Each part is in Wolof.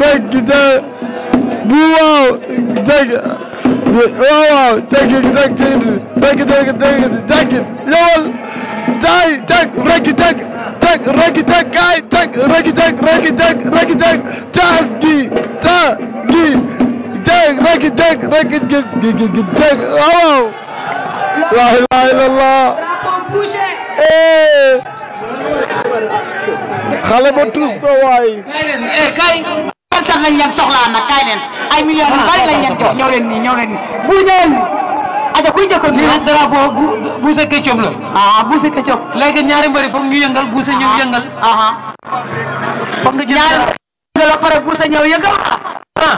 rek de bu waaw dégg waaw waaw dégg dégg dégg dégg dégg dégg ñëwal jaay teg rek teg teg rek teg kaay teg rek teg rek teg rek teg caas gi ta gi teg rek teg rek gi teg waaw la ilaha illallah eh. xale ba tus ko waay kay personne lañ leen soxlaa nag kaay leen ay millions yu bari lañ leen jox ñëw leen bu ñëwee nii. aja kuy njëkkoon ñu naan drapeau bu buuse Ketchup la. ah buuse Ketchup. léegi ñaari mbëri foog ñu yëngal buuse ñëw ah. yëngal. Ah. foog nga jël la pare buuse ñëw yëngal. ah.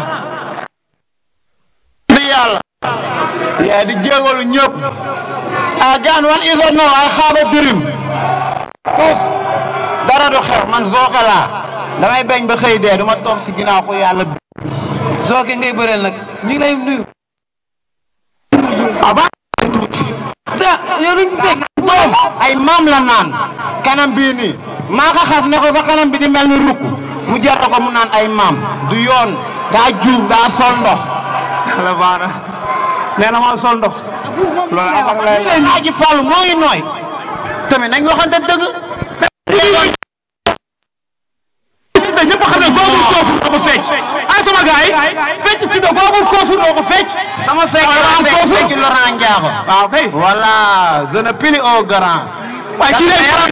ah gaan wan iso no ay xaaba birim. dara du xew man zooka laa. damay bañ ba xëy de du ma toog si ginnaaw ko yàlla Soké ngay bëreel nag ñu ngi lay nuyu. Ah, la naan kanam bii nii maa ko ne ko sa kanam bi di mel ni rukk mu jar ko mu naan ay maam du yoon daa juum daa sol ndox. nee na maa sol ndox. loolu am na lay laaj fàllu moo ngi nooy. tamit nañ waxante dëgg. ñëpp xam ne googu ah. koofu moo fecc ay ah, sama gaay fecc si de koofu moo fecc sama fecc laa fecc fecc Laurent Ndiago waaw kay voilà je ne plie au grand waaye kii lay yaram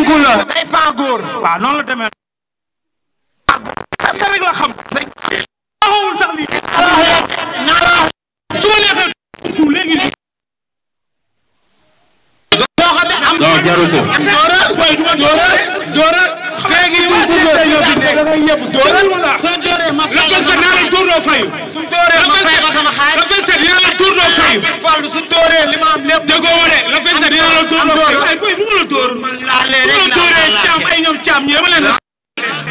di faa góor waaw noonu la demee parce non jarul ko. doora doora doora. feegi ñu ngi doora da ngay yëpp doora. soo dooree ma fay la ma fay la fay. su dooree ma fay ba sama xaar. la fay set dina la tur doo fay. fal su dooree li ma am lépp. déggoo ma de la fay set dina la tur doo fay. ay boy bu ma la door. laa leen rek laa dooree caam ay ñoom caam yéema leen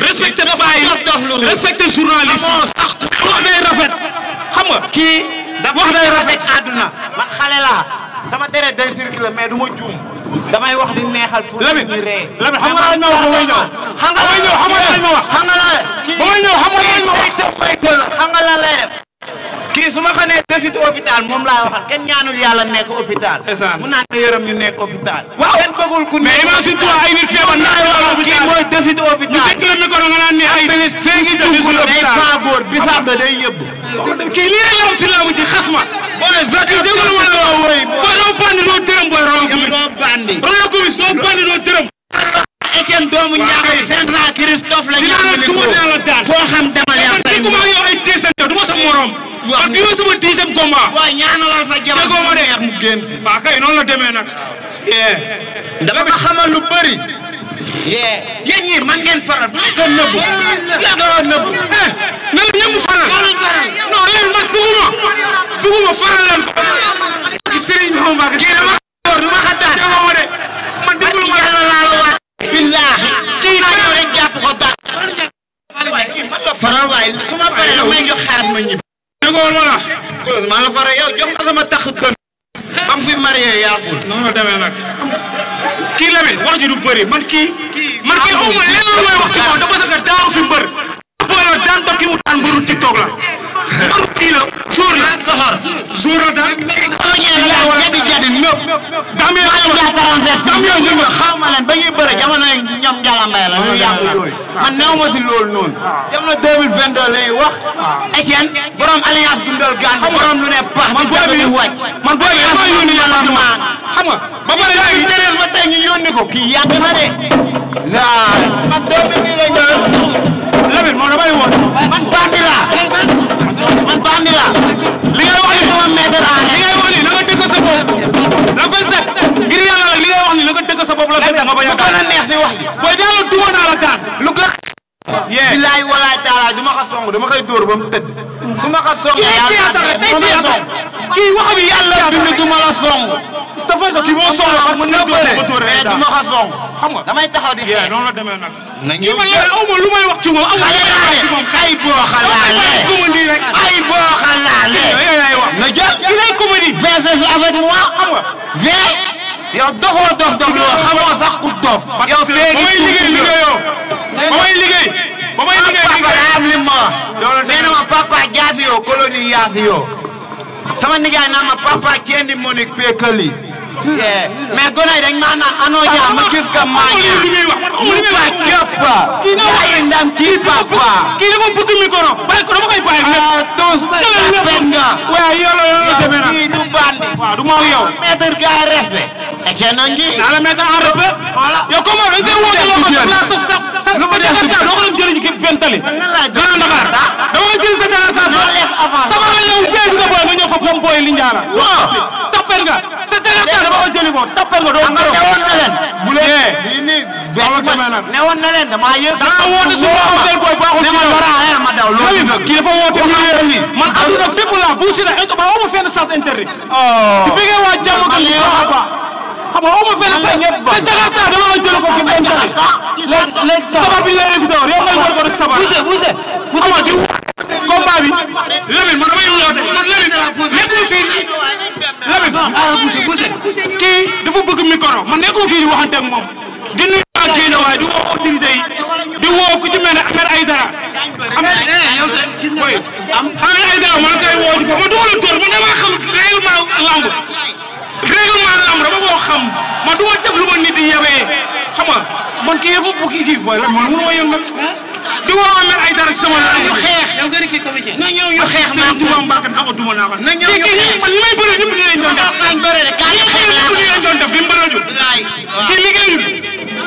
respecté baay respecté journaliste. wax day rafet xam nga. kii wax day rafet àdduna. deret day circulé mais du ma juum. damay wax di neexal pour Lamine Lamine xam nga ma wax damay ñëw. xam nga damay ñëw xam nga dañ ma wax. xam nga laa damay ñëw xam nga dañ ma wax xam nga lan lay def. kii su ma ko nee desit hôpital moom laa waxal kenn ñaanul yàlla nekk hôpital. mu naan ne yërëm ñu nekk hôpital. waaw kenn bëggul ku mais imagine toi ay nit feebar naa la kii mooy desit hôpital. ñu tëj la micro nga naan ne ay desit hôpital day faa góor bisaab da day yëbb. kii lii rek la am si laamu ci xas ma. boys ba kii déglu ma la woy boy doo bandi doo tërëm boy raw kumis doo bandi raw kumis doo bandi doo tërëm Etienne doomu ñaari central Christophe la ñaan ni ko foo xam demal yaa tay ko ma yow ay teesal yow du ma sa morom ak yow sama dixième kay noonu la demee nag dama xamal lu bari yee man ngeen faral bu leen bu leen doon nëbbu eh na la ñëpp faral non leen faral leen ko billaahi kii naa ñëw rek jàpp ko daal waaye kii man ma paree damay jox ma ñibbi dégool ma la maa la sama tax doon am fi marié yàggul noonu la demee kii Lamine wax ji du bëri man kii. man kii aw ma lenn lu may wax ci moom dafa sëkk daaw fi mbër. booy la daan tokki mu daan mbëru TikTok la. mbëru kii la jour la soxor. jour la daan. ñebe jàddu ñëpp. dam yow ñëpp dam yow ñëpp xaaral ñoom ba ñuy bëre jamono ñoom Ndiala Mbaye la ñu yàgg yooyu man néew ma si loolu noonu. Ah. jamono 2022 la ñuy wax. Etienne ah. borom alliance dundal gaan borom lu ne pax. man booy bi man booy bi ma yónni yàlla xam nga ba pare léegi ma tey ñu yónni ko kii yàgg na de. du ma ko song dama koy dóor ba mu tëdd. su ma ko song yàlla naa kii wax a yàlla bind du ma la song. dafa kii boo na dóor di may wax ci moom aw ma lu may wax a moom ay boo xalaale ay boo xalaale na jël ki lay comédie. versus avec moi. xam nga vers. yow doxoo dof dof loo ku dof. yow feegi yo koloni yaasi yo sama nijaay naan ma papa kendi monik pekali eh, mais gone yi dañ maa naan anoo ma gis ka maa ñaa mu pa képp yaay ndam kii papa ah, kii dafa bëgg micro bàyyi ko dama koy bàyyi ah tous tapet nga waaw yolo yolo demee na kii du bandi waaw ah, du ma yow ah, mettre gars yi respect Etienne ngi naa la mettre en respect yow comment dañ see woote loo ko la saf saf lu ma def ta doo ko dem jëriñ ki bentali booy li waaw tapper nga. sa jakarta dama ko jëli woon na leen. bu leen lii nii. dama demee nag newoon na leen nga woote su ma woote booy baaxul ci yow. Eh, ma daw loolu nag kii ma eh, fenn li oh. xam nga sa sa jakarta dama la jëli ko kii bi interdit. léegi léegi taw sabar combat bi Lamine man damay woote man Lamine nekkul fii Lamine ah, ah, kii dafa bëgg micro man nekkul fii di waxante ak moom di nuyu waa Guédiawaye di woo autorité yi di woo ku ci mel ne Ahmed Aïdara Ahmed eh, eh, Aïdara man kay woo ci boppam ma duma la dóor man damaa xam réellement lamb règlement lamb dama koo xam man du ma def lu ma nit di yebee xam nga man kii yëfu kii kii booy la man mënu ma yëngu nag di woo Ahmed Aïdara sama nekk comédien na ñëw ñu xeex naa ko duma mbaa kan duma naa ko na ñëw ñu xeex man li may bëre ñëpp li leen doon def man bëre de kaay xeex naa ko li leen doon def bi mbara ju bilaay kii liggéeyul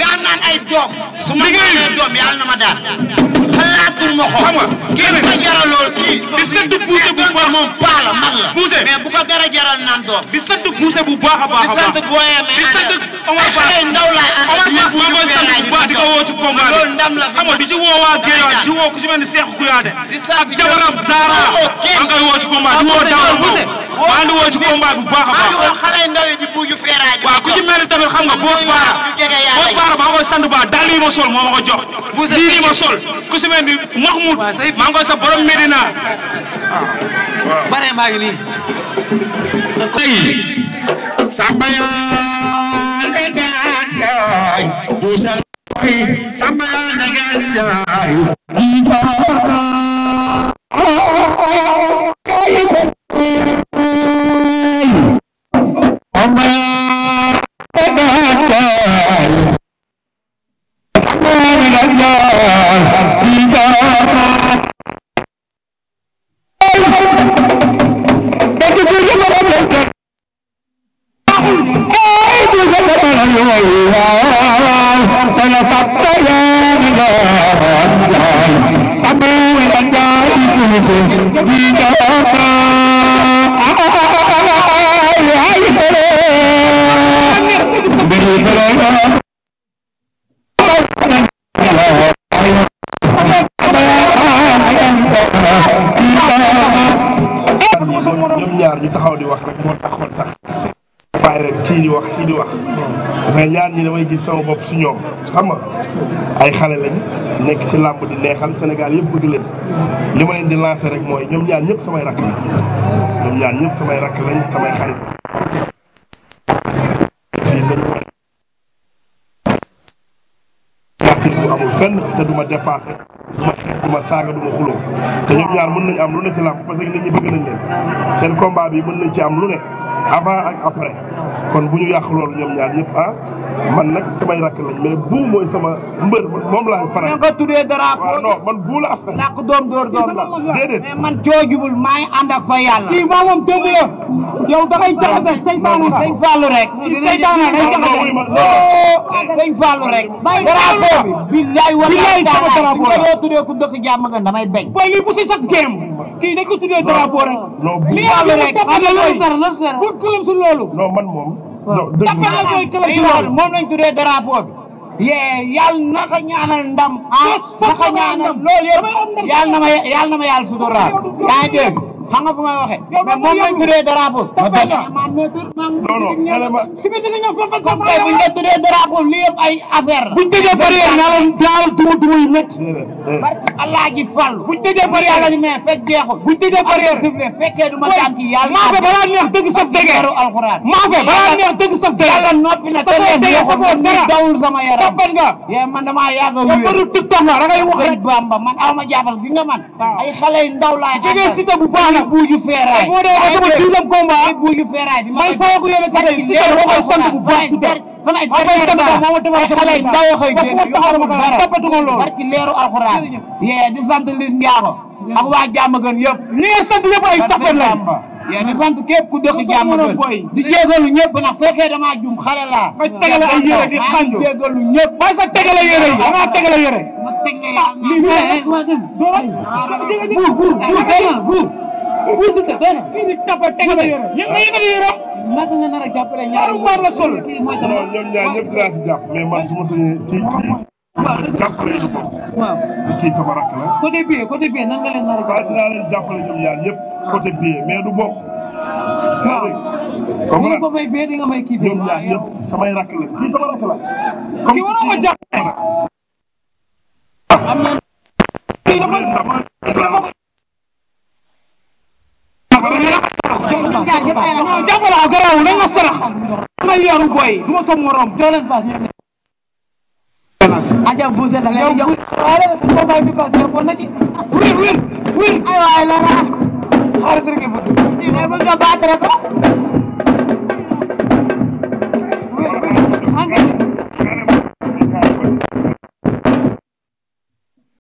daan naan ay doom su ma liggéeyul doom yàlla na ma daan xalaatul ma ko xam nga kii ma jaral lool kii di sëdd buuse bu baax moom paa la mag la buuse mais bu ko dara jaral naan doom di sëdd buuse bu baax a baax a baax di sëdd booyee mais di sëdd Omar Bass ay ndaw laay ànd Omar Bass maa koy sëdd bu baax di ko woo ci combat loolu ndam la xam nga di ci woo waa Guèye di ci woo ku ci mel ni Cheikh Koulade ak jabaram Zara maa ngi koy woo ci maa ngi woo ci bu baax a baax. waaw ku ci mel tamit xam nga Boos Baara Boos Baara maa ngi koy sant ba daal lii ma sol moo ma jox. lii ma sol ku si mel ni Mahmoud maa ngi sa borom Medina. bare maa ngi nii. sa bayaan yi sama na ñoom ñaar ñu taxaw di wax rek moo taxoon sax waaye rek kii di wax kii di wax mais ñaan ñi damay gis sama bopp si ñoom xam nga ay xale lañ nekk ci làmb di neexal Sénégal yëpp bëgg leen li ma leen di lancé rek mooy ñoom ñaar ñëpp samay rakk lañ ñoom ñaar ñëpp samay rakk lañ samay xarit amul fenn te du ma dépassé du ma xeex du saaga du xuloo te ñoom ñaar mën nañ am lu ne ci làmb parce que nit ñi bëgg nañ leen seen combat bi mën nañ ci am lu ne avant ak après kon bu ñu yàq loolu ñoom ñaar ñëpp ah man nag samay rakk lañ moom ko man bu la affaire. làkk doom door doom la déedéet. mais man coojubul maa ngi ànd ak a yàlla. kii maa moom dëgg la. yow da ngay jaxase seytaanu la. sëñ Fallou rek. seytaanu day jaxase. sëñ Fallou rek. drapeau bi. billaay wala daanaka bi nga doon tuddee ku dëkk jàmm nga damay bañ. booy lii kii de ko tuddee drapeau rek. non bu wàllu rek am na loolu pour këram su loolu. non man moom. non dëgg la moom lañ tuddee drapeau na ko ñaanal ndam. ah na ko ñaanal loolu yëpp yàlla na na ma yàlla suturaal yaa ngi xam nga fu may waxee. yow da nga yëngu mais ma bëri ma neutre. non ay affaire bu ñu tëjee barrière naa leen daal duma fal. bu ñu tëjee barrière la fekkee du ma tànk yàlla. maa fe balaa neex dëgg saf dëgg. alxuraan maa fe balaa neex dëgg saf dëgg. yàlla noppi na sa lees yoxul man mi dawul sama yaram. tapet nga. yee man damaa yàgg a wéer. tapet tiktok la da ngay wax rek. Bamba man aw ma jàppal gi nga man. ay xale ay buuju feeraay moo dee ko sama dixième combat ay buuju feeraay bi may fay ko yéene kay ci ko ko sant bu baax ci der sama ay sant mo mo dama xale yi ndaw leeru alxuraan yee di sant Liss Ndiago ak waa jàmm gën yëpp li nga yëpp ay tapet la yaa ngi sant képp ku dëkk jàmm di jégalu ñëpp nag fekkee damaa jum xale laa. ma tegale ay yére di xanjo maa ñëpp. maa sa tegale yére yi maa tegale yére. ma tegale ah, wuyu si tax benn. fii nii tappa teg nga yoroon. naka nga nar a jàppale ñaar mbaar la sol. mooy sama ñaar ñëpp jàppale ñu ko. kii sama rakk la. côté bii côté bii leen nar a jàppale. waaw dinaa leen jàppale ñoom ñaar ñëpp côté bii mais du bokk. waaw comme ni may bee di may kii bi. ñoom ñaar ñëpp samay rakk eh. kii sama rakk kii waroon ma jàppale. am na. yow na nga sarax damay yaru boy du ma soog morom doo leen paas ñu aja buuse da ngay jox ko bay bi paas yow na ci wér wér wér ay waay la ra xaalis rek la bëgg ne bëgg nga battre ko wér wér